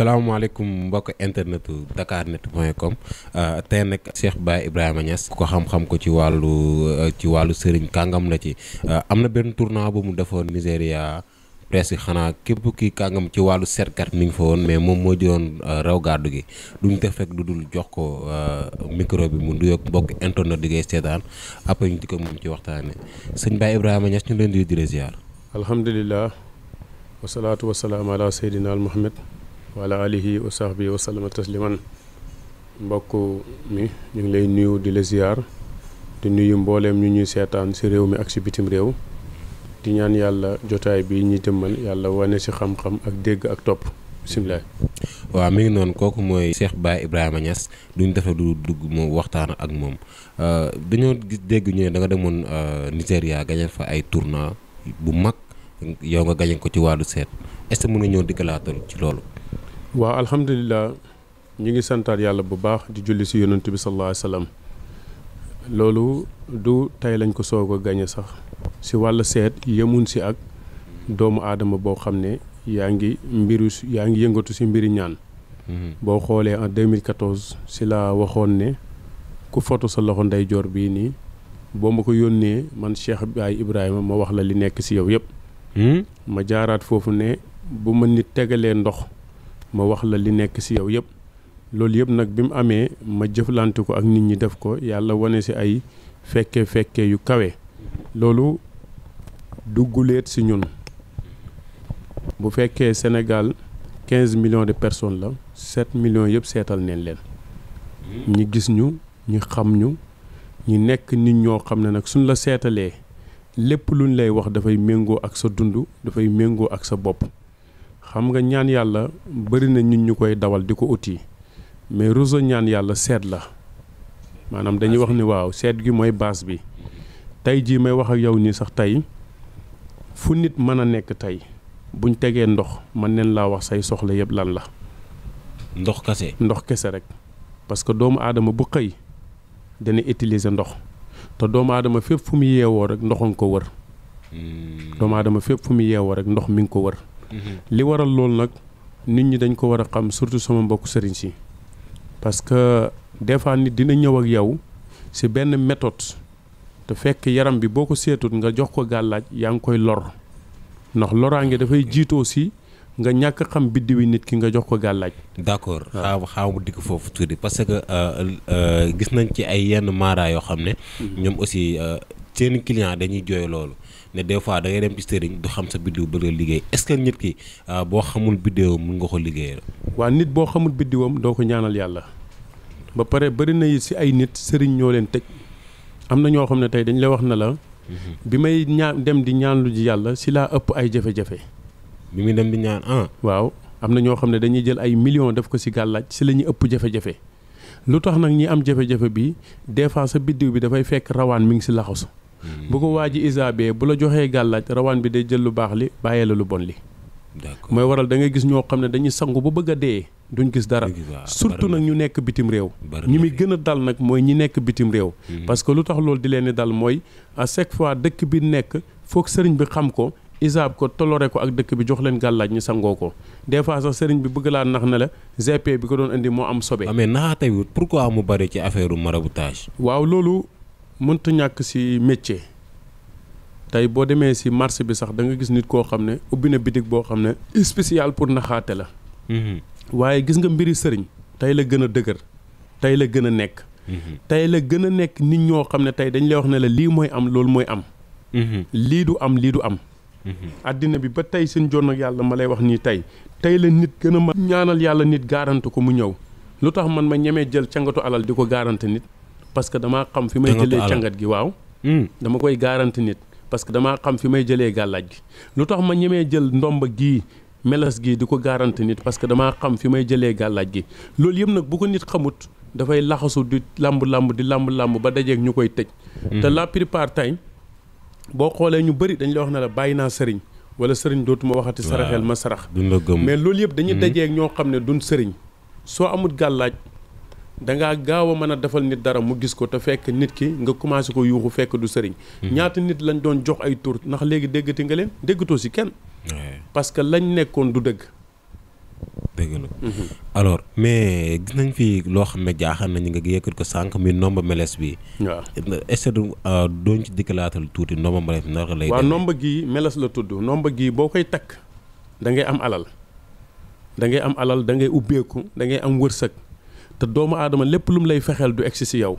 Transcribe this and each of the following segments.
salaamaaleykum mbokk internetu dakarnet.com euh, tey nag Cheikh Baye Ibrahima Niass ku ko xam-xam ko ci wàllu euh, ci wàllu sëriñ kàngam la ci euh, am na benn tournant ba mu defoon Nigéria presque xanaa képp ki kàngam ci wàllu seetkat mi ngi fa woon mais moom moo jëloon raw gàddu gi duñ def rek lu dul jox ko micro bi mu nuyoog mbokk internet di ngay seetaan après ñu di ko moom ci waxtaanee sëñ Baye Ibrahima ñas ñu leen di di la ziar. alhamdulilah wasalaatu wasalaam ala wala alihi wa sahbi wa sallama tasliman mbokk mi ñu ngi lay nuyu di la ziar di nuyu mbooleem ñu ñuy seetaan si réew mi ak si réew di yàlla jotaay bi ñi jëmmal yàlla wane si xam ak dégg ak topp bisimilah. waaw mi ngi noonu kooku mooy Cheikh Baye Ibrahima Niass duñ defee du dugg moom waxtaan ak moom euh, dañoo gis dégg ñu ne da nga demoon euh, Nigéria gañal fa ay tournoi bu mag yow nga gañe ko ci wàllu seet est-ce que mën nga ñëw diggalaatal ci loolu. waaw alhamdulilah ñu ngi santaat yàlla bu baax di julli si yonent bi sallallahu alayhi wa sallam loolu du tey lañ ko soog a gañe sax si wàll seet yemun si ak doomu aadama boo xam ne yaa ngi mbiru yaa ngi yëngatu si mbiri ñaan mm-hmm. boo xoolee en 2014 si laa waxoon ne ku foto sa loxo ndeyjoor bii nii boo ma ko yónnee man Cheikh Baye Ibrahima ma wax la li nekk si yow yëpp mm-hmm. ma jaaraat foofu ne bu ma nit tegalee ndox ma wax la li nekk si yow yëpp loolu yëpp nag bi mu amee ma jëflante ko ak nit ñi def ko yàlla wane si ay fekke fekke yu kawe loolu dugguleet si ñun bu fekkee senegal quinze millions de personnes la set millions yëpp seetal neen leen ñi gis ñu ñi xam ñu ñi nekk nit ñoo xam ne nag suñ la seetalee lépp luñ lay wax dafay méngoo ak sa dund dafay méngoo ak sa bopp xam nga ñaan yàlla bëri na ñun ñu koy dawal di ko uti mais réseau ñaan yàlla seet la maanaam dañuy wax ni waaw seet gi mooy base bi tey jii may wax ak yow nii sax tey fu nit mën a nekk tey buñ tegee ndox mën neen laa wax say soxla yëpp lan la. ndox kase ndox kese rek parce que doomu aadama bu xëy dana utiliser ndox te doomu aadama fépp fu mu yeewoo rek ndox nga ko wër. Hmm. doomu aadama fépp fu mu yeewoo rek ndox mi ngi ko wër. li waral loolu nag nit ñi dañ ko war a xam surtout sama mbokk sëriñ si parce que des fois nit dina ñëw ak yow si benn méthode te fekk yaram bi boo ko seetut nga jox ko gàllaaj yaa ngi koy lor ndax loraange dafay jiitoo aussi nga ñàkk xam bidd wi nit ki nga jox ko gàllaaj d'accord xaaw xaaw mu dikk foofu tuuti parce que euh, euh, gis nañ ci ay yenn maara yoo xam ne mm-hmm. ñoom aussi euh, seen client dañuy jooy loolu ne des fois da dem ci sëriñ du xam sa biddiw bëgg a liggéey est nit ki euh, boo xamul biddiwam mun nga ko liggéeyal. waaw nit boo xamul biddiwam doo ko ñaanal yàlla ba pare bëri na yi si ay nit sëriñ ñoo leen tëj am na ñoo xam ne tey dañ la wax na la. Mhm. bi may ñaa dem di ñaan lu ji yàlla si laa ëpp ay jafe-jafe. bi muy dem di ñaan ah. waaw am na ñoo xam ne dañuy jël ay millions def ko si gàllaaj si la ñuy ëpp jafe-jafe. lu tax nag ñi am jafe-jafe bi des fois sa biddiw bi dafay fekk rawaan mi ngi si laxasu bu ko waa ji isaabee bu la joxee gàllaaj rawaan bi day jël lu baax li bàyyee la lu bon li mooy waral da ngay gis ñoo xam ne dañuy sangu bu bëgg a dee duñ gis dara surtout nag ñu nekk bitim réew ñi muy gën a dal nag mooy ñi nekk bitim réew mm-hmm. parce que lu tax loolu di leen di dal mooy a chaque fois dëkk bi nekk foog sëriñ bi xam ko isaab ko tolloore ko ak dëkk bi jox leen gàllaaj ñu sangoo ko des fois sax sëriñ bi bëgg laa nax na la GP bi ko doon indi moo am sobe. amee ah, naa tey pourquoi mu bari ci affaire marabutage. mënta ñàkk ci métier tey boo demee ci marché bi sax da gis nit koo xam ne ubbi na bitig boo xam ne spécial pour naxaate la. Mhm. waaye gis nga mbiri sëriñ tey la gën a dëgër tey la gën a nekk. Mhm. tey la gën a nekk nit ñoo xam ne tey dañ lay wax ne la lii mooy am loolu mooy am. Mhm. lii du am lii du am. àddina bi ba tey seen jonn ak yàlla ma lay wax nii tey tey la nit gën a ma ñaanal yàlla nit gaarante ko mu ñëw lu tax man ma ñemee jël cangatu alal di ko gaarante nit. parce que damaa xam fi may jëlee cangat gi waaw hmm. dama koy garanti nit parce que damaa xam fi may jëlee gàllaaj gi lu tax ma ñemee jël ndomba gi melas gii di ko garanti nit parce que damaa xam fi may jëlee gàllaaj gi loolu yëpp nag bu ko nit xamut dafay laxasu di lamb lamb di làmb làmb ba dajeeg ñu koy tëj hmm. te la plupart time boo xoolee ñu bëri dañu la wax na la bàyyi naa sëriñ wala sëriñ dootuma waxati saraxeel ma sarax mais loolu yëpp dañuy hmm. dajeek ñoo xam ne dun sëriñ soo amut gàllaaj da gaaw a mën a defal nit dara mu gis ko te fekk nit ki nga commencé ko yuuxu fekk du sëriñ. Mhm. ñaata nit lañ doon jox ay tur ndax léegi déggati nga leen déggatoo si kenn. parce que lañ nekkoon du dëgg. dëgg la mhm. mais gis nañ fi loo xam ne jaaxal nañu nga yëkkat ko sànq mi nomba meles bi. waaw est-ce que euh, dooñ ci dikkalaatal tuuti nomba meles bi naka lay. waaw nomba gii meles la tudd nomba gii boo koy takk da ngay am alal da ngay am alal da ngay ubbeeku dangay ngay am wërsëg. te doomu aadama lépp lum lay fexeel du egsi si yow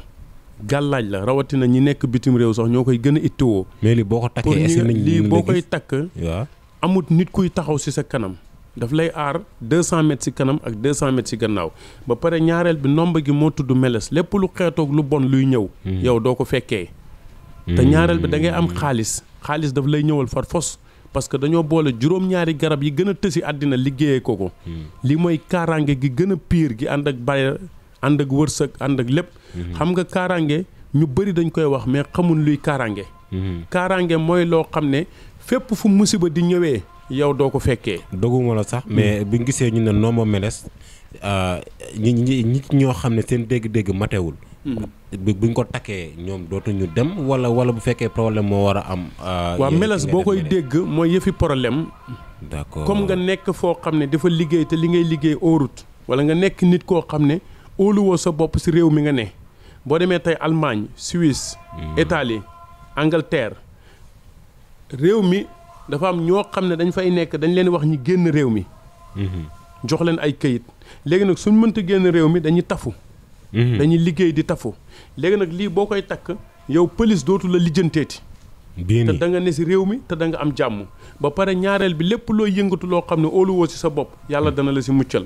gàllaaj la rawatina ñi nekk bitim réew sax ñoo koy gën a ittiwoo. mais lii boo ko takkee est-ce que lii boo koy takk. waaw amut nit kuy taxaw si sa kanam. daf lay aar 200 mètres ci kanam ak 200 mètres ci gannaaw ba pare ñaareel bi nomba gi moo tudd meles lépp lu xeetoog lu bon luy ñëw. Mhm. yow doo ko fekkee. te mhm. ñaareel bi da ngay am xaalis xaalis daf lay ñëwal far fos. parce que dañoo boole juróom-ñaari garab yi gën a tësi àddina liggéeyee ko ko. Hmm. li mooy kaaraange gi gën a piir gi ànd ak bàyyi ànd ak wërsëg ànd ak lépp. Hmm. xam nga kaaraange ñu bëri dañ koy wax mais xamul luy kaaraange. Hmm. kaaraange mooy loo xam ne fépp fu musiba di ñëwee yow doo ko fekkee. doguma la sax mais bi ñu gisee ñu ne Nomba Meles euh, ñi ñi ñi ñoo xam ne seen dégg-dégg matewul. buñ ko takkee ñoom dootuñu dem wala wala bu fekkee problème moo war a am. Euh, waaw melas boo koy dégg mooy yëfi problème. d'accord comme nga nekk foo xam ne dafa liggéey te li ngay liggéey óorut. wala nga nekk nit koo xam ne óoluwoo sa bopp si réew mi nga ne boo demee tey Allemagne Suisse. Hmm. Italie Angleterre réew mi dafa am ñoo xam ne dañ fay nekk dañ leen wax ñi génn réew mi. Hmm. jox leen ay kayit léegi nag suñ mënt génn réew mi dañuy tafu. Mhm. dañuy liggéey di tafu léegi nag lii boo koy takk yow pëlis dootu la lijjanteeti te da nga ne si réew mi te da nga am jàmm ba pare ñaareel bi lépp looy yëngatu loo xam ne óoluwoo si sa bopp yàlla mhm. dana la si muccal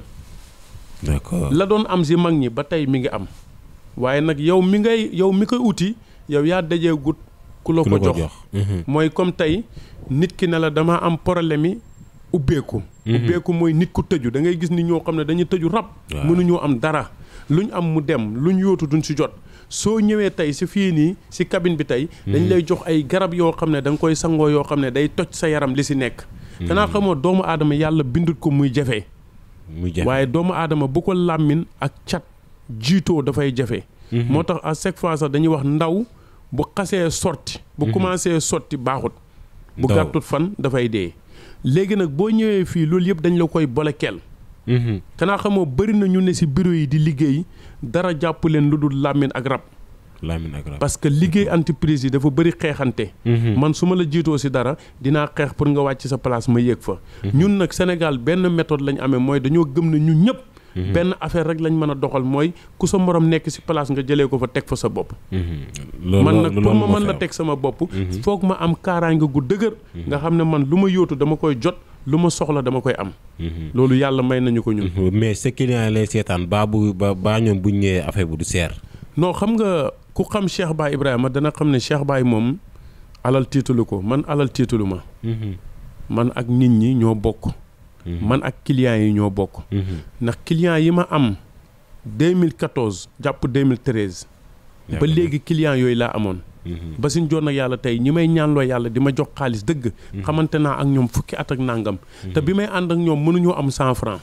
d'accord la doon am si mag ñi ba tey mi ngi am waaye nag yow mi ngay yow mi ko uti yow yaa dajee gut ku la ko jox mhm. mooy comme tey nit ki ne la dama am problème yi ubbeeku ubbeeku mooy nit ku tëju da ngay gis ni ñoo xam ne dañuy tëju rab mënuñoo am dara lu luñ am mu dem lu ñu yóotu duñ si jot soo ñëwee tey si fii nii si cabine bi tey. Hmm. dañ lay jox ay garab yoo xam ne da koy sangoo yoo xam ne day toj sa yaram li si nekk. Hmm. danaa xamoo doomu aadama yàlla bindut ko muy jafe. muy jafe waaye doomu aadama bu ko làmmin ak cat jiitoo dafay jafe. Hmm. moo tax à chaque fois dañuy wax ndaw bu xasee sotti. bu commencé sotti baaxut. bu gàttut fan dafay dee. léegi nag boo ñëwee fii loolu yëpp dañu la koy bolekeel kanaa mhm. xamoo bëri na ñu ne si bureau yi di liggéey dara jàpp leen lu dul làmmiñ ak rab. làmmiñ parce que liggéey mhm. entreprise yi dafa bëri xeexante. Mhm. man su ma la jiitoo si dara dinaa xeex pour nga wàcc sa place ma yéeg fa. ñun nag Sénégal benn méthode lañ amee mooy dañoo gëm ne ñu ñëpp. Mhm. benn affaire rek lañ mën a doxal mooy ku sa morom nekk si place nga jëlee ko fa teg fa sa bopp. Mhm. man nag pour ma man la teg sama bopp. Mhm. foog ma am kaaraange gu dëgër. nga xam ne man lu ma yóotu dama koy jot. lu ma soxla dama koy am. loolu yàlla may nañu ko ñun. mais sa client lay seetaan baa bu ba baa ñoom bu ñu ñëwee affaire bu du seer. non xam nga ku xam Cheikh Baye Ibrahima dana xam ne Cheikh Baye moom alal tiitalu ko man alal tiitalu ma. man ak nit ñi ñoo bokk. Mhm. man ak clients yi ñoo bokk. Mhm. ndax clients yi ma am 2014 jàpp 2013. ba léegi clients yooyu laa amoon. Mhm. ba suñ joon ak yàlla tey ñi may ñaanloo yàlla di ma jox xaalis dëgg. xamante naa ak ñoom fukki at ak nàngam. te bi may ànd ak ñoom mënuñoo am cent franc.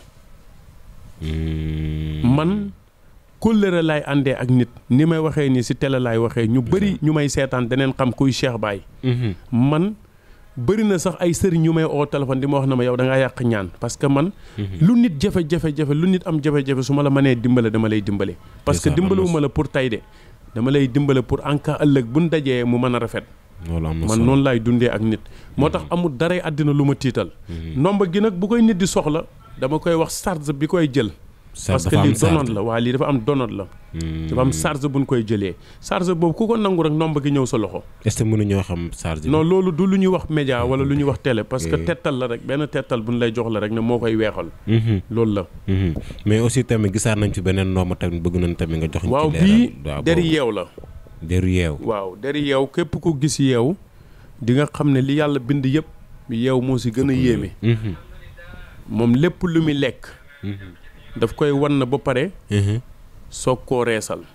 man kóllëre laay àndee ak nit ni may waxee nii si tele laay waxee ñu bëri ñu may seetaan deneen xam kuy Cheikh Baye. bëri na sax ay sëriñ yu may oo téléphone di ma wax na ma yow da yàq ñaan parce que man. Mhm. lu nit jafe-jafe jafe lu nit am jafe-jafe su ma la mënee dimbale dama lay dimbale. parce que dimbalewuma la pour tay de dama lay dimbale pour en ëllëg bu ñu dajee mu mën a rafet. man noonu laay dundee ak nit. moo tax mhm. amul daray àddina lu ma tiital. Mhm. nomba gi nag bu koy nit di soxla dama koy wax charge bi koy jël. parce que lii donoon la waa lii dafa am donoon la hmm. dafa am bu buñ koy jëlee charge boobu ku ko nangu rek ndomb gi ñëw sa loxo est-ce que mënuñoo xam charge non loolu du lu ñuy wax média wala lu ñuy wax télé parce que tettal la rek benn tettal buñ lay jox la rek ne moo koy weexal mhm. loolu la mhm. mais aussi tamit gisaat nañ ci beneen ndomb tamit bëgg na nañ tamit nga jox waaw bii deri yeew la deri yeew waaw deri yeew képp ko gis yeew di nga xam ne li yàlla bind yëpp yeew moo si gën a yéeme mhm. moom lépp lu muy lekk daf koy wan na ba pare. Mm-hmm. soog koo reesal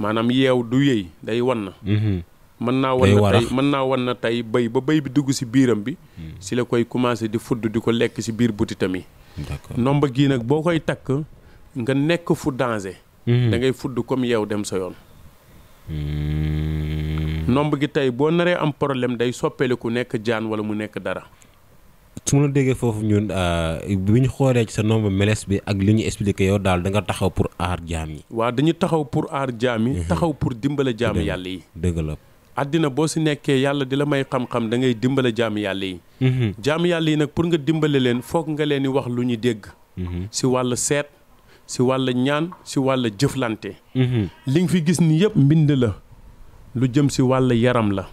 maanaam yeew du yëy day wan na. Mm-hmm. mën naa wan na tey mën naa wan na tey béy ba béy bi dugg si biiram bi. si mm-hmm. la koy commencé di fudd di ko lekk si biir butitam yi. d'accord nomba gii nag boo koy takk nga nekk fu danger. da ngay fudd comme yeew dem sa yoon. nomb gi tey boo naree am problème day ku nekk jaan wala mu nekk dara. su ma la déggee foofu ñun euh, bi ñu xoolee ci sa nombre meles bi ak li ñu expliqué yow daal danga taxaw pour aar jaam yi. waaw dañu taxaw pour aar jaam yi. Mhm. taxaw pour dimbale jaam yàlla yi. dëgg la. àddina boo si nekkee yàlla di la may xam da ngay dimbale jaam yàlla yi. Mhm. jaam yàlla yi nag pour nga dimbale leen foog nga leen di wax lu ñu dégg. Mhm. si wàll seet si wàll ñaan si wàll jëflante. li nga fi gis ni yëpp mbind la lu jëm si wàll yaram la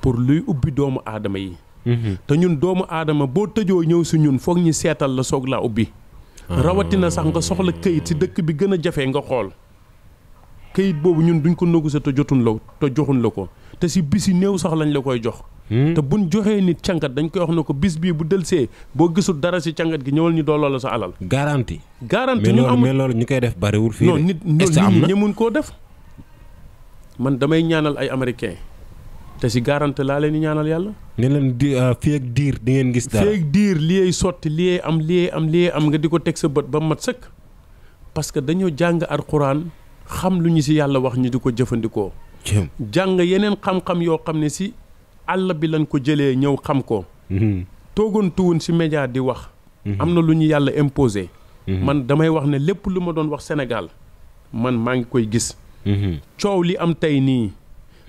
pour luy ubbi doomu aadama yi. Mhm. te ñun doomu aadama boo tëjoo ñëw si ñun foog ñu seetal la soog laa ubbi. Ah. rawatina sax nga soxla këyit si dëkk bi gën a jafe nga xool. këyit boobu ñun duñ ko négocier te jotuñ te joxuñ la ko te si bis yi néew sax lañ la koy jox. Hmm. te buñ joxee nit càngat dañ koy wax ne ko bis bii bu dëlsee boo gisul dara si càngat gi ñëwal ñu dooloo la sa alal. garanti. garanti ñu am mais loolu ñu koy def bariwul fii non nit ñi ñemuñ koo def man damay ñaanal ay américain te si garante laa leen di ñaanal yàlla. ne leen di euh, fii ak diir di ngeen gis. dara fii ak diir liy sotti liy am liy am liy am nga di ko teg sa bët ba mat sëkk. parce que dañoo jàng alxuraan xam lu ñu si yàlla wax ñu di ko jëfandikoo. jàng yeneen xam-xam yoo xam ne si àll bi lañ ko jëlee ñëw xam ko. Mm-hmm. toogoon tuwoon si média di wax. Mm-hmm. am na lu ñu yàlla imposé. Mm-hmm. man damay wax ne lépp lu ma doon wax Sénégal man maa ngi koy gis. coow li am tey nii.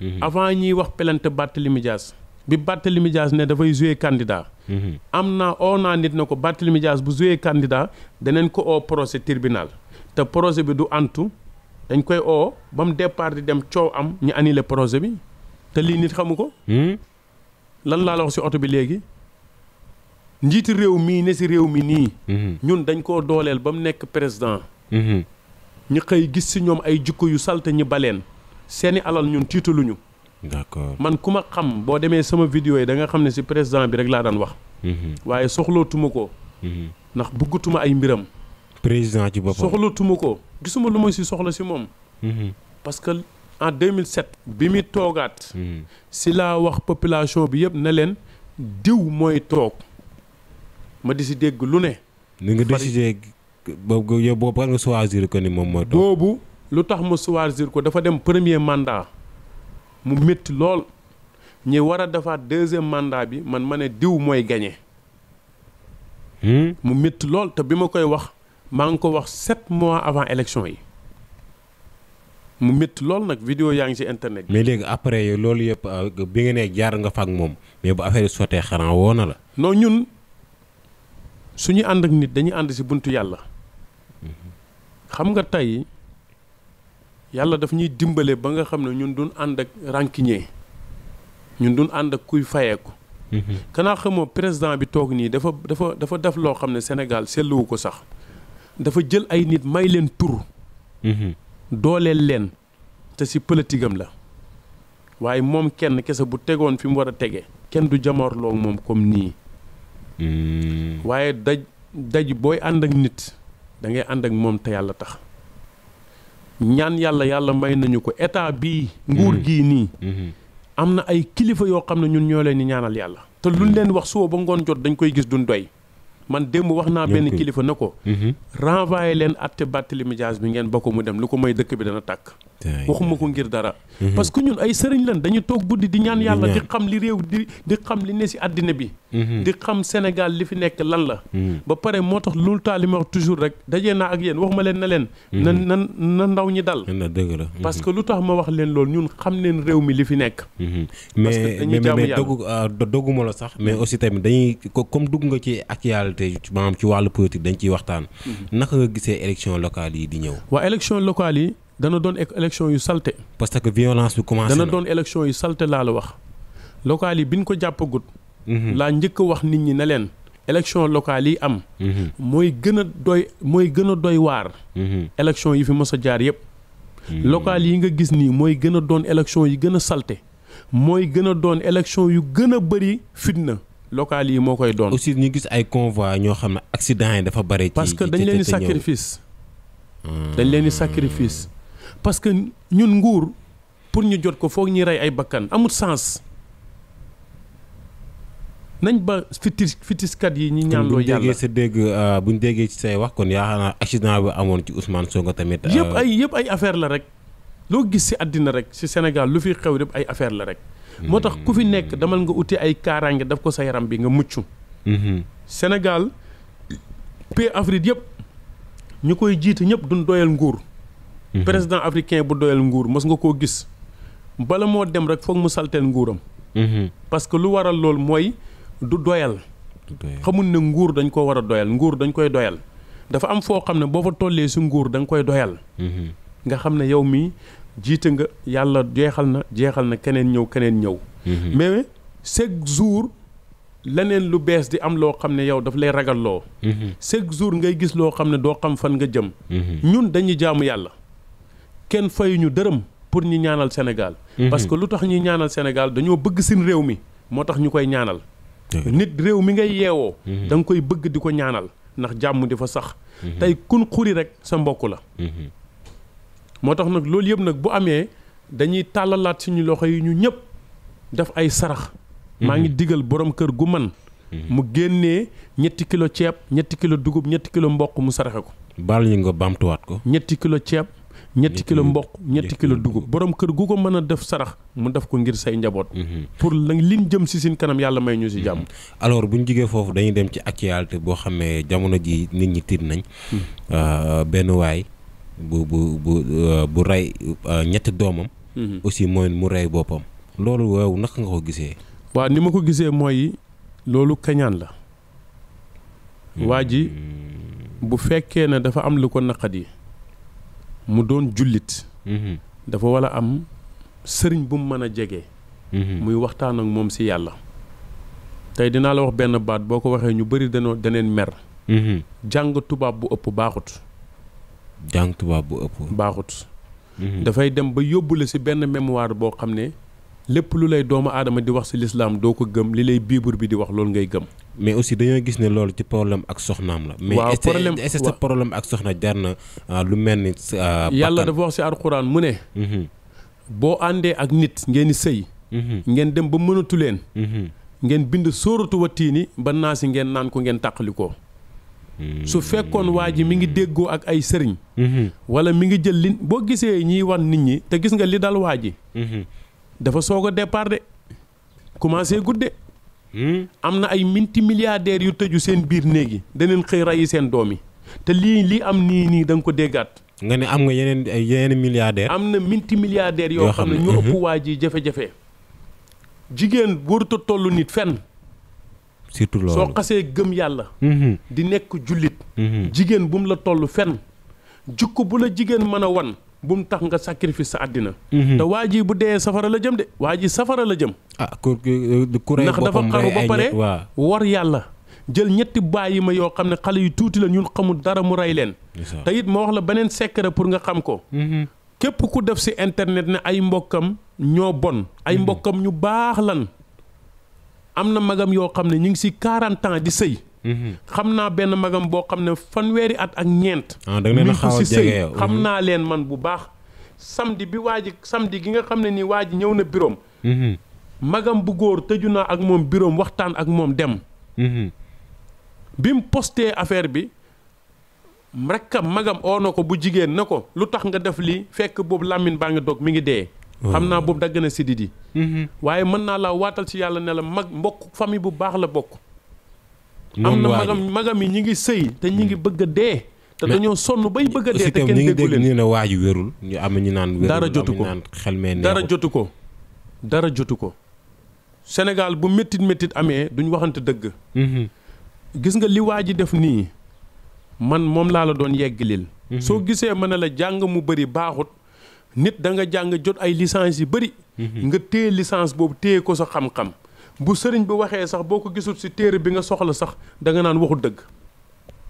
Mhm. avant ñuy wax plainte Barthélémy Dias bi Barthélémy Dias ne dafay jouer candidat. Mhm. am na oo naa nit na ko Barthélémy bu jouer candidat danañ ko oo procès tribunal te projet bi du antu dañ koy oo ba mu départ di dem coow am ñu annuler projet bi te lii nit xamu ko. Hmm? lan laa la wax ci oto bi léegi. njiiti réew mii ne ci réew mi nii. Mhm. ñun dañ koo dooleel ba mu nekk président. ñu xëy gis ci ñoom ay jikko yu salte ñu baleen. seeni alal ñun tiitaluñu. d'accord man ku ma xam boo demee sama vidéo yi da nga xam ne ci président bi rek laa daan wax. Mhm. waaye soxlootuma ko. Mhm. ndax bëggatuma ay mbiram. président ci boppam soxlatuma ko gisuma lu ma si soxla ci moom. Mhm. parce que en 2007. bi muy toogaat. ci laa wax population bi yëpp na leen diw mooy toog ma di ci dégg lu ne. nu nga décidé ba yow boobu nga choisir ko ni moom mooy toog boobu. lu tax ma choisir ko dafa dem premier mandat mu métti lool ñi war a defaat deuxième mandat bi man ma ne diw mooy gagné. Hmm? mu métti lool te bi ma koy wax maa ngi ko wax sept mois avant élection yi mu metti lool nag vidéo yaa ngi ci internet mais léegi après loolu yëpp euh, bi nga nee jaar nga fa ak moom mais bu affaire yi sottee xanaa woo na la. noo ñun suñu ànd ak nit dañuy ànd ci buntu yàlla. Hmm. xam nga tey. yàlla daf ñuy dimbale ba nga xam ne ñun duñ ànd ak rancunier ñun duñ ànd ak kuy fayeeku kanaa mm-hmm. xamoo président bi toog nii dafa dafa dafa def loo xam ne Sénégal seetluwu ko sax dafa jël ay nit may leen tur mm-hmm. dooleel leen te si politique am la waaye moom kenn kese bu tegoon fi mu war a tege kenn du jamoorloo moom comme nii mm. waaye daj daj booy ànd ak nit da ngay ànd ak moom te yàlla tax ñaan yàlla yàlla may nañu ko état bii. nguur mm-hmm. gii nii. Mm-hmm. am na ay kilifa yoo xam ne ñun ñoo leen di ñaanal yàlla. te luñ mm-hmm. leen wax suba ba ngoon jot dañ koy gis duñ doy. man démb wax naa benn kilifa na ko. renvoyé leen àtte Barthélémy Dias bi ngeen bokk mu dem lu ko moy dëkk bi dana tàkk. waxuma ko ngir dara. Mhm. parce que ñun ay sëriñ lan dañu toog guddi di ñaan yàlla di xam li réew di xam li ne si àddina bi. Mhm. di xam Sénégal li fi nekk lan la. Mhm. ba pare moo tax loolu taal ma wax toujours rek dajee naa ak yéen waxuma leen na leen. na na na ndaw ñi dal. dëgg la parce que lu tax ma wax leen loolu ñun xam leen réew mi li fi nekk. mais que dañuy jaamu yàlla mais mais dogguma ah, la sax mais aussi tamit dañuy comme dugg nga ci actualité maanaam ci wàllu politique dañ ciy waxtaan. naka nga gisee élection locale yi di ñëw. dana doon élection yu salte parce que violence bi commencé dana doon élection yu salte laa wax locales yi bi ñu ko jàppagut mhm. laa njëkk wax nit ñi ne leen élection locale yi am mhm. mooy gën a doy mooy gën a doy waar mhm. élection yi fi mës a jaar yëpp locale yi nga gis nii mooy gën a doon élection yi gën a salte mooy gën a doon élection yu gën a bëri fitna locale yi moo koy doon aussi ñu gis ay convoi ñoo xam ne accident yi dafa bëri parce que ah. dañ leen di sacrifice dañ leen di sacrifice parce que ñun nguur pour ñu jot ko foog ñuy rey ay bakkan amut sens nañ ba fitis fitiskat yi ñu ñaan loo yàlla euh, bu ñu déggee sa dégg wax kon yaakaar naa accident amoon ci Ousmane Sonko tamit. yëpp euh, ay yëpp ay affaire la rek loo gis si àddina rek si Sénégal lu fi xew yëpp ay affaire la rek. moo tax ku fi nekk damal nga uti ay kaaraange daf ko sa yaram bi nga mucc. Mhm. Sénégal pays Afrique yëpp ñu koy jiite ñëpp duñ doyal nguur. Mhm. président africain bu doyal nguur mos nga koo gis bala moo dem rek foog mu salteel nguuram mhm. parce que lu waral loolu mooy du doyal xamul ne nguur dañ koo war a doyal nguur dañ koy doyal dafa am foo xam ne boo fa tollee si nguur da nga koy doyal mhm. nga xam ne yow mii jiite nga yàlla jeexal na jeexal na keneen ñëw keneen ñëw mais chaque jour leneen lu bees di am loo xam ne yow daf lay ragalloo chaque jour ngay gis loo xam ne doo xam fan nga jëm ñun dañuy jaamu yàlla kenn fayuñu dërëm pour ñi ñaanal Sénégal. Mhm. parce que lu tax ñuy ñaanal Sénégal dañoo bëgg seen réew mi moo tax ñu koy ñaanal. nit réew mi ngay yeewoo. Mhm. da nga koy bëgg di ko ñaanal ndax jàmm di fa sax. Mhm. tey kun xuri rek sa mbokk la. moo tax nag loolu yëpp nag bu amee dañuy tàllalaat suñu loxo yi ñu ñëpp def ay sarax. maa ngi digal borom kër gu man mu génnee ñetti kilo ceeb ñetti kilo dugub ñetti kilo mboq mu saraxe ko. baal ñu nga baamtuwaat ko. ñetti kilo ceeb. ñetti kilo mboq ñetti kilo dugub borom kër gu ko mën a def sarax mu def ko ngir say njaboot. Mhm. pour la liñ jëm si seen kanam yàlla may ñu si jàmm. Mhm. alors bu ñu jigee foofu dañuy dem ci actualité boo xamee jamono ji nit ñi tiit nañ. Hmm. Euh, benn waay bu bu bu euh, bu rey euh, ñetti doomam. Hmm. aussi mooy mu rey boppam. loolu waaw naka nga ko gisee. waa ni ma ko gisee mooy loolu kañaan la. Hmm. waa ji bu fekkee ne dafa am lu ko naqat yi mu doon jullit mhm. dafa war a am sëriñ bu mu mën a jege. Mhm. muy waxtaan ak moom si yàlla tey dinaa la wax benn baat boo ko waxee ñu bari danoo daneen mer mhm. jàng tubaab bu ëpp baaxut jàng tubaab bu ëpp baaxut dafay dem ba yóbbu la si benn mémoire boo xam ne lépp lu lay doomu aadama di wax ci lislaam doo ko gëm li lay biibur bi di wax loolu ngay gëm. mais aussi dañoo gis ne loolu ci problème ak soxnaam la. mais est-ce que problème ak soxna jar na euh, lu mel ni. Euh, yàlla dafa wax ci alxuraan mu ne. Mhm. boo àndee ak nit ngeen di sëy. Mhm. ngeen dem ba mënatu leen. Mhm. ngeen bind sóoratu wa tiini ba naa si ngeen naan ko ngeen ko su fekkoon waa ji mi ngi déggoo ak ay sëriñ. wala mi ngi jël li boo gisee ñiy wan nit ñi te gis nga li dal waa ji. dafa soog a départ de commencé gudde hmm? am na ay minti milliardaires yu tëju seen biir néegi yi daneen xëy rayi seen doom yi te lii lii am nii nii da ko déggaat. nga ne am nga yeneen yeneen milliardaires. am na minti milliardaires yoo xam ne ñu ëpp hmm? waa ji jafe-jafe. jigéen warut a toll nit fen surtout loolu soo xasee gëm yàlla. Hmm. di nekk jullit. jigéen bu mu la toll fen jukko bu la jigéen mën a wan. bu mu tax nga sacrifice sa àddina mhm. te waa ji bu dee safara la jëm de waa ji safara la jëm ah ku ku ndax dafa xaru ba pare war yàlla jël ñetti bàyyi ma yoo xam ne xale yu tuuti la ñun xamul dara mu rey leen te it ma wax la beneen secret pour nga xam ko mhm. képp ku def ci internet ne ay mbokkam ñoo bon ay mhm. mbokkam ñu baax lan am na magam yoo xam ne ñu ngi ci quarante ans di sëy Mhm. xam naa benn magam boo xam ne fanweeri at ak ñeent. ah da nga leen xaw a mhm. xam naa leen man bu baax. samdi bi waa samdi gi nga xam ne nii waa ji ñëw na biroom. Mhm. magam bu góor tëju naa ak moom biroom waxtaan ak moom dem. bi mu posté affaire bi. rek magam oo na ko bu jigéen na ko lu tax nga def lii fekk boobu Lamine baa ngi doog mi ngi dee. xam naa boobu dagg na sididi. waaye mën naa laa waatal ci yàlla ne la mag mbokk famille bu baax la bokk. am na magam magam yi ñu ngi sëy te ñi ngi mm. bëgg a dee te dañoo sonn bay bëgg a dee te kenn déggu leen ñu ne waaju wérul ñu am ñu naan wérul dara jotu ko xel mee jotu ko dara jotu ko Sénégal bu méttit méttit amee duñ waxante dëgg mhm. gis nga li waa ji def nii man moom laa la doon yegglil mhm. soo gisee ma ne la jàng mu bëri baaxut nit da nga jàng jot ay licence yi bëri mhm. nga téye licence boobu téye ko sa xam-xam bu sëriñ bi waxee sax boo ko gisul ci téere bi nga soxla sax da naan waxu dëgg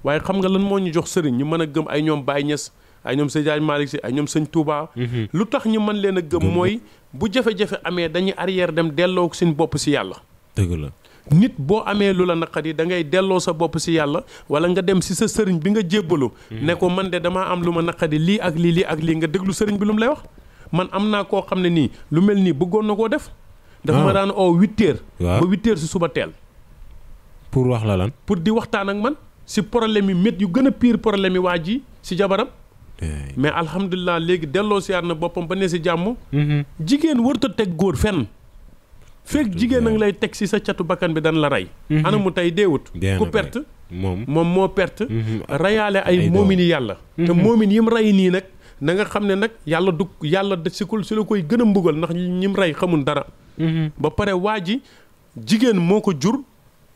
waaye xam nga lan moo ñu jox sëriñ ñu mën a gëm ay ñoom baay Niass ay ñoom Seydi Hadji Malick ay ñoom sëñ Touba. Mhm. lu tax ñu mën leen a gëm mooy bu jafe-jafe amee dañuy arrière dem delloo ko seen bopp ci yàlla. dëgg la nit boo amee lu la naqari da ngay delloo sa bopp ci yàlla wala nga dem ci sa sëriñ bi nga jébbalu. Mhm. ne ko man de damaa am lu ma naqadi lii ak lii lii ak lii nga déglu sëriñ bi lu mu lay wax man am naa koo xam ne nii lu mel nii bëggoon na koo def. dafa ah. ma daan oo huit ba huit heures si suba teel. pour wax la lan. pour di waxtaan ak man si problème yi mét yu gën a pire problème yi waa ji si jabaram. Eh. mais alhamdulilah léegi delloo si aar na boppam ba ne si jàmm. Mm-hmm. jigéen warut a teg góor fenn. fekk jigéen a lay teg si sa catu bakkan bi dan la rey. Mm-hmm. ana tey deewut. ku perte moom moom moo perte. Mm-hmm. reyaale ay moomini yàlla. te moomin yi mu rey nii nag na nga xam ne nag yàlla du yàlla de sikul si la koy gën a mbugal ndax ñi mu rey xamul dara. Mm-hmm. ba pare waa ji jigéen moo ko jur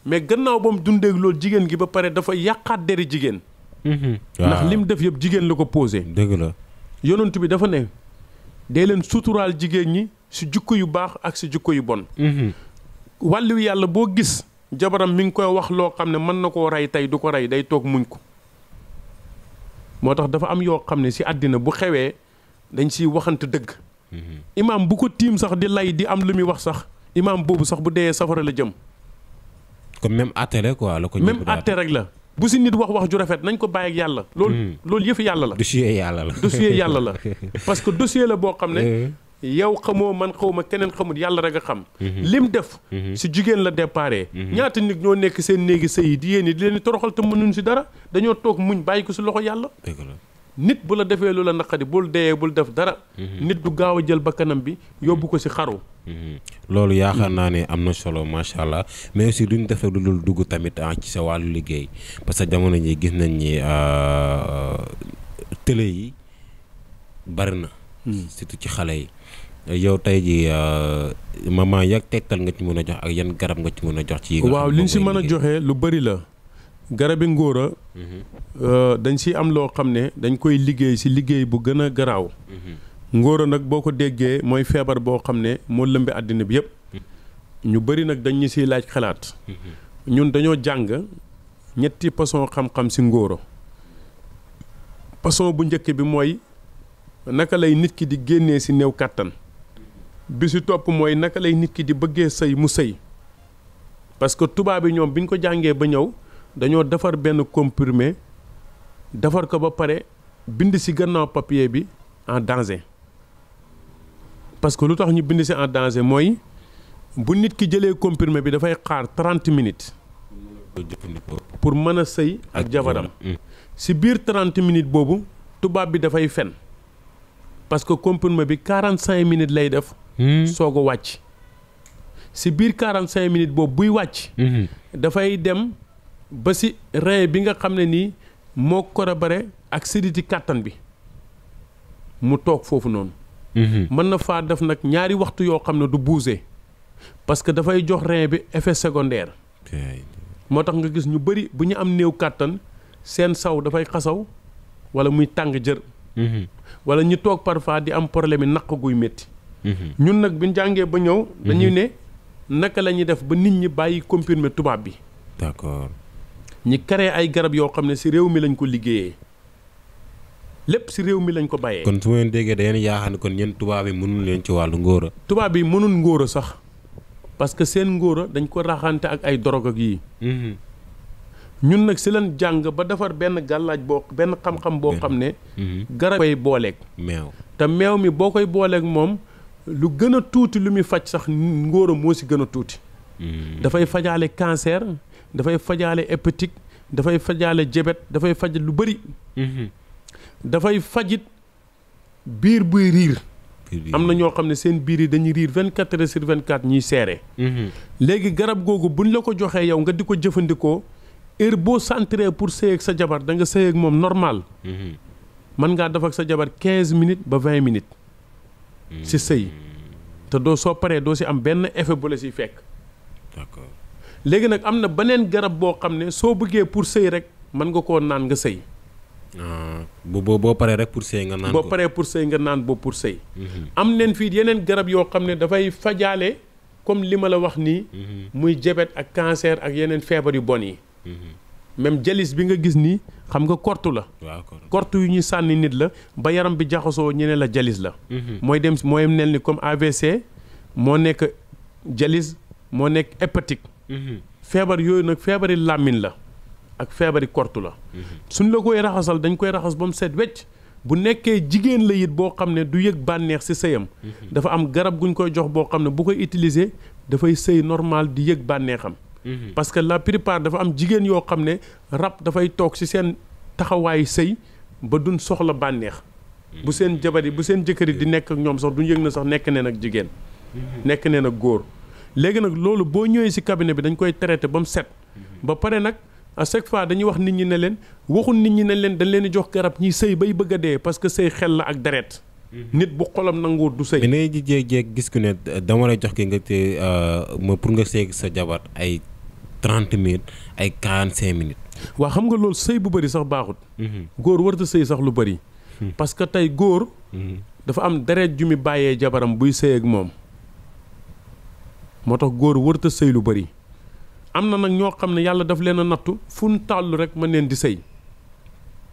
mais gannaaw ba mu dundee jigéen gi ba pare dafa yàqaat deri jigéen. Mm-hmm. ndax lim def yëpp jigéen la ko posé. dëgg la yonent bi dafa ne dee leen suturaal jigéen ñi si jukko yu baax ak si jukko yu bon. Mm-hmm. wàllu yàlla boo gis jabaram mi ngi koy wax loo xam ne mën na koo rey tey du ko rey day toog muñ ko. moo tax dafa am yoo xam ne si àddina bu xewee dañ siy waxant dëgg. Mm-hmm. imaam bu ko tiim sax di lay di am lu muy wax sax imaam boobu sax bu dee safara la jëm. kon même àtte la quoi la ko même àtte rek la. bu si nit wax wax ju rafet nañ ko bàyyi ak yàlla. lool loolu mm-hmm. yëfu yàlla la. dossier yàlla la dossier yàlla la parce que dossier la boo xam ne. Eh. yow xamoo man xawma keneen xamul yàlla rek a xam. Mm-hmm. lim def. si jigéen la déparé. ñaata nit ñoo nekk seen néegi sëy di yéen yi di leen toroxal te mënuñ si dara dañoo toog muñ bàyyi ko si loxo yàlla. nit bu la defee lu la naqari bul deyee bul def dara. Mhm. nit du gaaw a jël ba kanam bi yóbbu ko ci xaru. Mhm. loolu yaakaar naa ne am na solo macha allah mais aussi duñ defee lu dul dugg tamit ah, ci sa wàllu liggéey parce que jamono ji gis nañ ni ah, ah, télé yi bari na. Hmm. surtout ci xale yi. yow tey jii maman yak tegtal nga ci mën a jox ak yan garab nga ci mën a jox. ci yi waaw li ñu si mën a joxe lu bari la. garabi ngóora mhm. euh, dañ si am loo xam ne dañ koy liggéey si liggéey bu gën a garaaw mhm. ngóora nag boo ko déggee mooy feebar boo xam ne moo lëmbi àddina bi yëpp mhm. ñu bëri nag dañ ñu laaj xalaat ñun dañoo jàng ñetti pason xam-xam si ngóora pason bu njëkk bi mooy naka lay nit ki di génnee si néew kàttan bi si topp mooy naka lay nit ki di bëggee sëy mu sëy parce que tubaab yi ñoom bi ñu ko jàngee ba ñëw dañoo defar benn comprimé defar ko ba pare bind ci gannaaw papier bi en danger parce que lu tax ñu bind ci en danger mooy bu nit ki jëlee comprimé bi dafay xaar trente minutes pour mën a sëy ak jabaram mm. ci biir trente minutes boobu tubaab bi dafay fen parce que comprimé bi quarante cinq minutes lay def mm. soo ko wàcc ci biir quarante cinq minutes boobu buy wàcc mm-hmm. dafay dem basi si bi nga xam ne nii moo bare ak sédditi kàttan bi mu toog foofu noonu. Mhm. mën na faa def nag ñaari waxtu yoo xam ne du bouger parce que dafay jox rein bi effet secondaire. moo tax nga gis ñu bëri bu ñu am néew kàttan seen saw dafay xasaw wala muy tàng jër. Mhm. wala ñu toog parfois di am problème yi naq guy métti. Mhm. ñun nag bi ñu jàngee ba ñëw. dañuy ne naka la ñuy def ba nit ñi bàyyi comprimé tubaab bi. ñi créé ay garab yoo xam ne si réew mi lañ ko liggéeyee lépp si réew mi lañ ko bàyyee. kon su ma leen déggee day ngeen yaakaar ne kon ñeen tubaab yi mënul leen ci wàllu ngóora. tubaab yi mënul ngóora sax parce que seen ngóora dañ ko raxante ak ay dorog ak yii. Mm-hmm. ñun nag si leen jàng ba defar benn gàllaaj boo benn xam-xam boo xam ne. Mm-hmm. garab koy booleek meew te meew mi boo koy booleek moom lu gën a tuuti lu muy faj sax ngóora moo si gën a tuuti. Mm-hmm. dafay fajaale cancer. dafay fajaale hépatique dafay fajaale jebet dafay faj lu bëri. Mhm. dafay fajit biir buy riir. am na ñoo xam ne seen biir yi dañuy riir vingt quatre heures sur vingt quatre ñuy seere. Mhm. léegi garab googu buñ la ko joxee yow nga di ko jëfandikoo heure boo centré pour sëy ak sa jabar danga nga sëy ak moom normal. Mhm. mën ngaa def ak sa jabar quinze minutes ba vingt minutes. si sëy te doo soo paree doo si am benn effet bu la siy fekk. léegi nag am na beneen garab boo xam ne soo bëggee pour sëy rek mën nga koo naan nga sëy. Ah, bu boo paree rek pour sëy nga naan boo paree pour sëy nga naan boo pour sëy. Mhm. am neen fii yeneen garab yoo xam ne dafay fajaale comme li ma la wax nii. Mhm. muy jebet ak cancer ak yeneen feebar yu bon yi. Mhm. même jalis bi nga gis nii xam nga kortu la. waaw kortu yu ñu sànni nit la ba yaram bi jaxasoo ñu ne la jalis la. mooy dem mooy nel ni comme AVC moo nekk jalis moo nekk hépatique. Mhm. feebar yooyu nag feebari làmmiñ la ak feebari kortu la mhm. suñ la koy raxasal dañ koy raxas ba mu set wecc bu nekkee jigéen la it boo xam ne du yëg bànneex ci sëyam mhm. dafa am garab guñ koy jox boo xam ne bu koy utiliser dafay sëy normal di yëg bànneexam parce que la plupart dafa am jigéen yoo xam ne rab dafay toog ci seen taxawaayu sëy ba duñ soxla bànneex bu seen jabar yi bu seen jëkkër yi di nekk ak ñoom sax duñ yëg na sax nekk neen ak jigéen nekk neen ak góor léegi nag loolu boo ñëwee ci cabinet bi dañ koy traité ba mu set ba pare nag à chaque fois dañuy wax nit ñi ne leen waxul nit ñi ne leen dañ leen di jox garab ñi sëy bay bëgg a dee parce que sëy xel la ak deret nit bu xolam nanguwul du sëy. na ji jéeg-jéeg gis ku ne dama lay jox ki nga te euh, ma pour nga seeg sa jabar ay trente minutes ay quarante cinq waa xam nga loolu sëy bu bëri sax baaxut. Mhm. góor warta sëy sax lu bëri. Mhm. parce que tey góor. Mhm. dafa am deret ju mi bàyyee jabaram buy sëy ak moom. moo tax góor wërta sëy lu bëri am na nag ñoo xam ne yàlla daf leen a nattu fu nu tàllu rek mën leen di sëy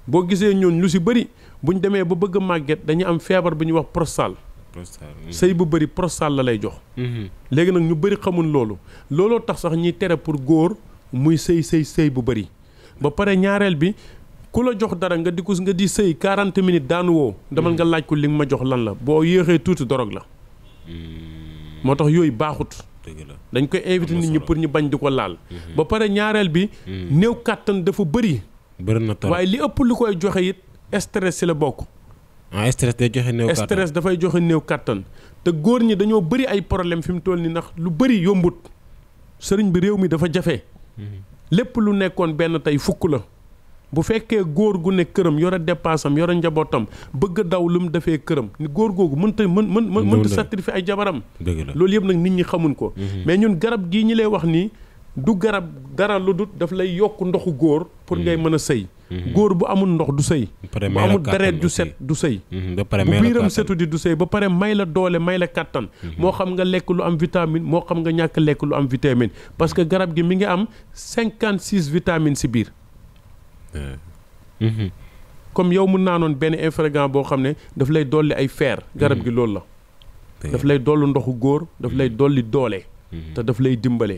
boo gisee ñoon lu si bëri buñ demee ba bëgg a màgget dañuy am feebar bu ñuy wax prostal sëy bu bëri prostal la lay jox mm-hmm. léegi nag ñu bëri xamul loolu looloo tax sax ñuy tere pour góor muy sëy sëy sëy bu bëri ba pare ñaareel bi ku la jox dara nga di ko nga di sëy quarante minutes daanu woo demal nga mm-hmm. laaj ko li ma jox lan la boo yéexee tuuti dorog la mm. moo tax yooyu baaxut dañ koy invité nit ñi pour ñu bañ di ko laal. Mhm. ba pare ñaareel bi. Mhm. néew kàttan dafa bëri. bëri waaye li ëpp lu koy joxe it stress si la bokk. ah stress day dafay joxe néew kàttan te góor ñi dañoo bëri ay problème fi mu toll nii ndax lu bëri yombut sëriñ bi réew mi dafa jafe. Mhm. lépp lu nekkoon benn tey fukk la. bu fekkee góor gu ne këram yore dépensam yore njabootam bëgg daw lu mu defee këram ni góor googu mënta mën mën mënta fi ay jabaram loolu yëpp nag nit ñi xamuñ ko mm-hmm. mais ñun garab gii ñu lay wax nii du garab dara lu dut daf lay yokk ndoxu góor pour ngay mm-hmm. mën a sëy mm-hmm. góor bu amul ndox du sëy bu amul deret ju set du sëy bu biiram setu di du sëy ba pare may la doole may la kàttan moo xam nga lekk lu am vitamine moo xam nga ñàkk lekk lu am vitamine parce que garab gi mi ngi am cinquante six vitamines si biir Mm-hmm. comme yow mën naa noon benn infrégan boo xam ne daf lay dolli ay feer mm-hmm. garab gi loolu la daf lay dollu ndoxu góor daf lay mm-hmm. dolli doole te daf lay dimbale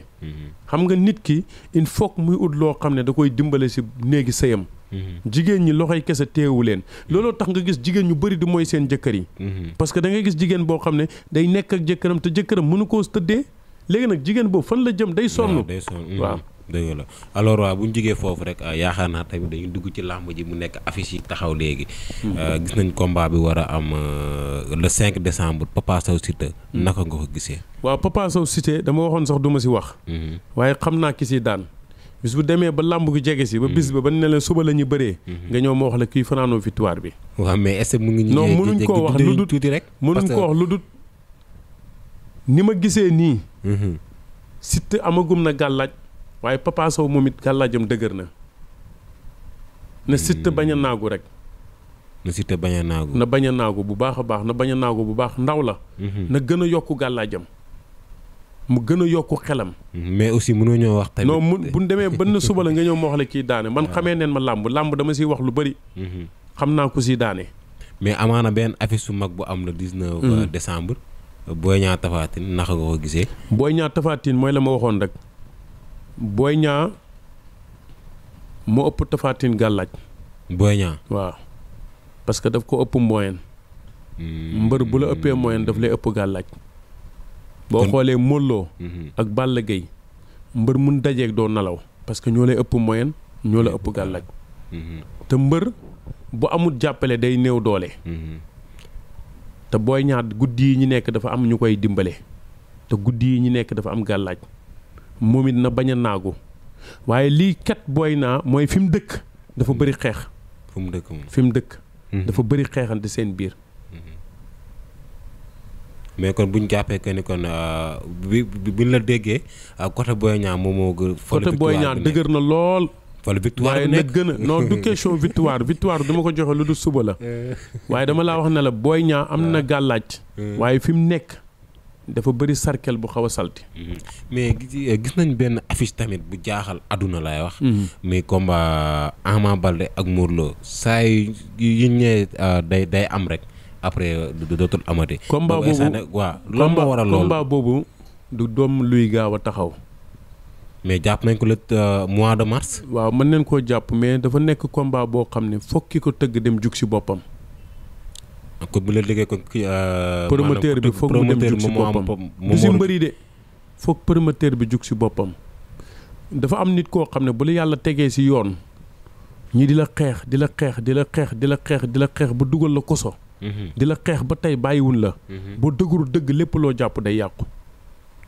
xam nga nit ki il faut que muy ut loo xam ne da koy dimbale si néegi sëyam jigéen ñi loxoy kese teewu leen looloo tax nga gis jigéen ñu bari di mooy seen jëkkër yi parce que da ngay gis jigéen boo xam ne day nekk ak jëkkëram te jëkkëram mënu koo tëddee léegi nag jigéen boobu fan la jëm day sonn waaw dëgg la alors waaw bu ñu jugee foofu rek ah, yaakaar naa tamit dañuy dugg ci làmb ji mu nekk affiche yi taxaw léegi. Hmm. Euh, gis nañ combat bi war a am euh, le cinq décembre Papa Sow hmm. naka nga ko gisee. waaw Papa Sow dama waxoon sax duma ma si wax. Hmm. waaye xam naa ki si daan. bis bu demee ba làmb gi jege si. ba bis ba ba ne la suba la ñu bëree. nga ñëw ma wax la kii fanaanoo victoire bi. waaw mais est-ce que mu ngi ñu. non mënuñ koo wax lu tuuti rek. mënuñ koo wax lu dut ni ma gisee nii. Siteu amagum na gàllaaj. waaye Papa Sow moom it gàllaajam dëgër na. na Siteu bañ a hmm. naagu rek. na Siteu bañ a naagu. na bañ a naagu bu baax a baax na bañ a naagu bu baax ndaw la. Hmm. na gën a yokk gàllaajam mu gën a yokk xelam. Hmm. mais aussi mënoo ñoo wax tamit. non mun bu ñu demee ba na suba la nga ñëw ma wax la kii daane man xamee neen ma làmb làmb dama siy wax lu bëri. xam naa ko si daane. mais amaana benn affiche su mag bu am la 19 euh, décembre. Boy Niang Tapha Tine naka nga gisee. Boy Niang Tapha mooy la ma waxoon rek. booy ñaa moo ëpp Tapha gàllaaj Boy Niang waaw parce que daf ko ëpp moyen hmm. mbër bu la ëppee moyen daf lay ëpp gàllaaj boo xoolee moloo hmm. ak Balla Gaye mbër mun dajeeg doo nalaw parce que ñoo lay ëpp moyen ñoo la ëpp gàllaaj hmm. te mbër bu amul jàppale day néew doole te Boy Niang guddi yi ñu nekk dafa am ñu koy dimbale te guddi yi ñu nekk dafa am gàllaaj moom it na bañ a naagu waaye lii kat booy naa mooy fi mu dëkk dafa bari xeex. fi mu dëkk fi mu dëkk. dafa bëri xeexante seen biir. Mhm. mais kon bu jàppee que ni kon euh, bi bi la déggee euh, côté Boy Niang moom moo gën. côté Boy Niang dëgër na lool. wala victoire waaye nag gën a non du question victoire victoire duma ko joxe lu du suba la. waaye dama laa wax na la booy Niang am na gàllaaj waaye fi mu nekk. dafa bëri sarkel bu xaw a salti mhm. mais eh, gis nañ benn affiche tamit bu jaaxal àdduna laay wax. Mhm. mais combat euh, Ama Baldé ak Modou Lo saa yu yu euh, day day am rek après euh, dootul amati. combat boobu waaw loolu moo waral boobu du doom luy gaaw a taxaw. mais jàpp nañ ko le mois de mars. waaw mën nañ koo jàpp mais dafa nekk combat boo xam ne fokki ko tëgg dem jug si boppam. kon bu la déggee kon kii. Euh, promoteur bi foog mu dem jug si boppam du si mbëri de foog promoteur bi jug si boppam. dafa am nit koo xam ne bu la yàlla tegee si yoon ñi di la xeex di la xeex di la xeex di la xeex di la xeex ba dugal la koso. Mm-hmm. di la xeex ba tey bàyyiwun la. Mm-hmm. bu dëggul dëgg lépp loo jàpp day yàqu.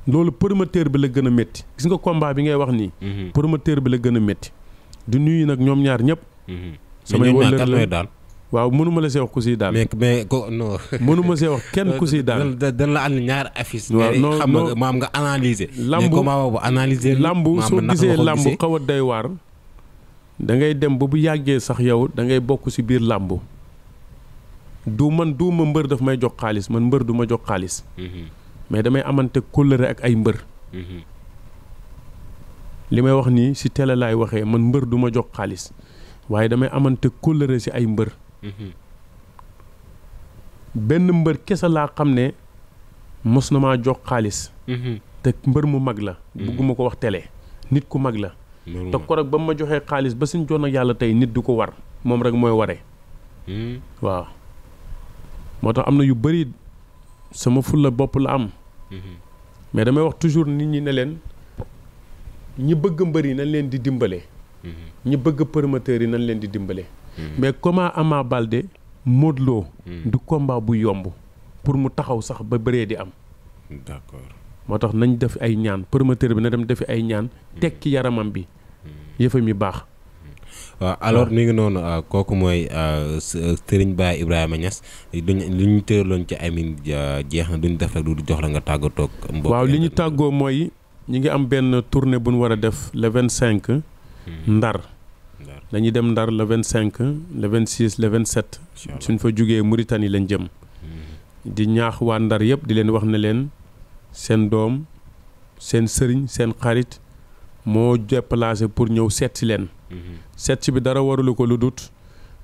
loolu promoteur bi la gën a métti gis nga combat bi ngay wax nii. Mm-hmm. promoteur bi la gën a métti. di nuyu nag ñoom ñaar ñëpp. samay wëllëg la daal. waaw mënuma la see wax ku siy daan. mais mais ko mënuma see wax kenn ku siy daan. dañ la ànd ñaar affiche. waaw non xam maam nga analyser. lambu comment bu analyser. lambu soo gisee lambu xaw a doy waar. da ngay dem ba bu yàggee sax yow da ngay bokk si biir làmbu du man du ma mbër daf may jox xaalis man mbër du ma jox xaalis. Mhm. mais damay amante kóllëre ak ay mbër. Mhm. li may wax nii si télé laay waxee man mbër du ma jox xaalis waaye damay amante kóllëre si ay mbër. Mm-hmm. benn mbër kese laa xam ne mos na maa jox xaalis. Mm-hmm. te mbër mu mag la. Mm-hmm. bugguma ko wax télé nit ku mag la. te korog ba ma joxee xaalis ba suñ joon ak yàlla tey nit du ko war moom rek mooy ware. waaw moo tax am na yu bëri sama fulla bopp la am. mais damay wax toujours nit ñi ne leen ñi bëgg mbër yi nañ leen di dimbale. ñi bëgg promoteurs yi nañ leen di dimbale. Mm-hmm. mais comment Ama balde mootloo mm-hmm. du combat bu yomb pour mu taxaw sax ba bëree di am. d'accord moo tax nañ def ay ñaan promoteur bi na dem defi ay ñaan. teg mm-hmm. tekki yaramam bi. yëfam mi baax. waaw alors mi ngi noonu ah, kooku mooy ah, euh, Serigne Baye Ibrahima Niass duñ li ñu tëraloon ci Amine jeex na duñ def rek du jox la nga tàggatoo ak mbokk waaw li ñu tàggoo mooy ñu ngi am benn tournée bu ñu war a def le vingt cinq. Ndar. dañuy dem Ndar le vingt cinq le vingt six le vingt sept suñ fa jugee Mauritanie lañ jëm hmm. di ñaax waa Ndar yëpp di leen wax ne leen seen doom seen sëriñ seen xarit moo déplacé pour ñëw hmm. seet leen seet bi dara waralu ko lu dut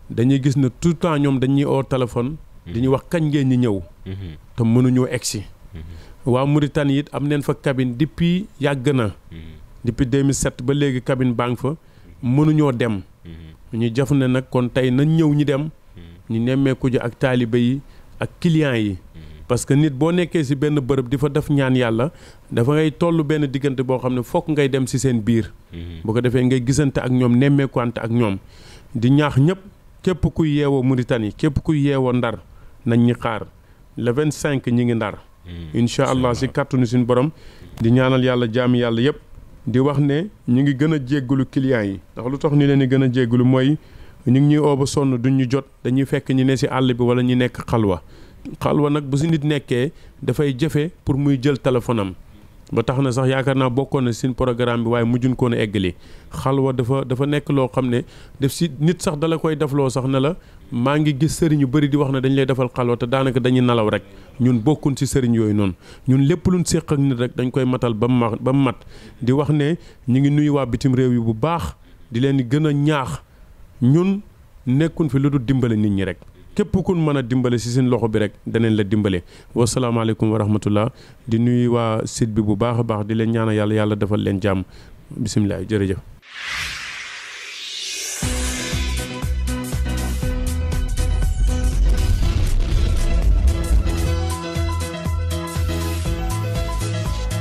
dañuy gis ne tout le temps ñoom dañuy oo téléphone di ñu hmm. wax kañ ngeen ñi ñëw te mënuñoo si waa Mauritanie yi am leen fa cabine depuis yàgg na depuis 2007 ba léegi cabine baang fa mënuñoo dem Mm-hmm. ñu jaf ne nag kon tey nañ ñëw ñu dem mm-hmm. ñu nemmeeku ji ak taalibe yi ak clients yi mm-hmm. parce que nit boo nekkee ci benn bërëb di fa def ñaan yàlla dafa ngay toll benn diggante boo xam ne fokk ngay dem ci seen biir bu ko defee ngay gisante ak ñoom nemmeekuwante ak ñoom di ñaax ñëpp képp kuy yeewoo yi képp kuy yeewoo Ndar nañ ñi xaar le vingt cinq ñi ngi Ndar incha allah ci kàttanu suñu borom di ñaanal yàlla jaami yàlla yëpp di wax ne ñu ngi gën a jéggalu clients yi ndax lu tax ñu leen di gën a jéggalu mooy ñu ngi ñuy oo ba sonn duñ ñu jot dañuy fekk ñu ne si àll bi wala ñu nekk xal wa xal wa nag bu si nit nekkee dafay jafe pour muy jël téléphone am ba tax na sax yaakaar naa bokkoon na seen programme bi waaye mujjun koon a eggali xalwa dafa dafa nekk loo xam ne def si nit sax dala koy defloo sax na la maa ngi gis sëriñ yu bëri di wax na dañu lay defal xalwa te daanaka dañuy nalaw rek ñun bokkuñ si sëriñ yooyu noonu ñun lépp luñ séq ak nit rek dañu koy matal ba mu ba mu mat di wax ne ñu ngi nuyu waa bitim réew yi bu baax di leen gën a ñaax ñun nekkuñ fi lu dul dimbali nit ñi rek képp kun mën a dimbali si seen loxo bi rek danañ la dimbale wasalaamaaleykum wa rahmatullah di nuyu waa site bi bu baax a baax di leen ñaanal yàlla yàlla defal leen jàmm bisimilah jërëjëf.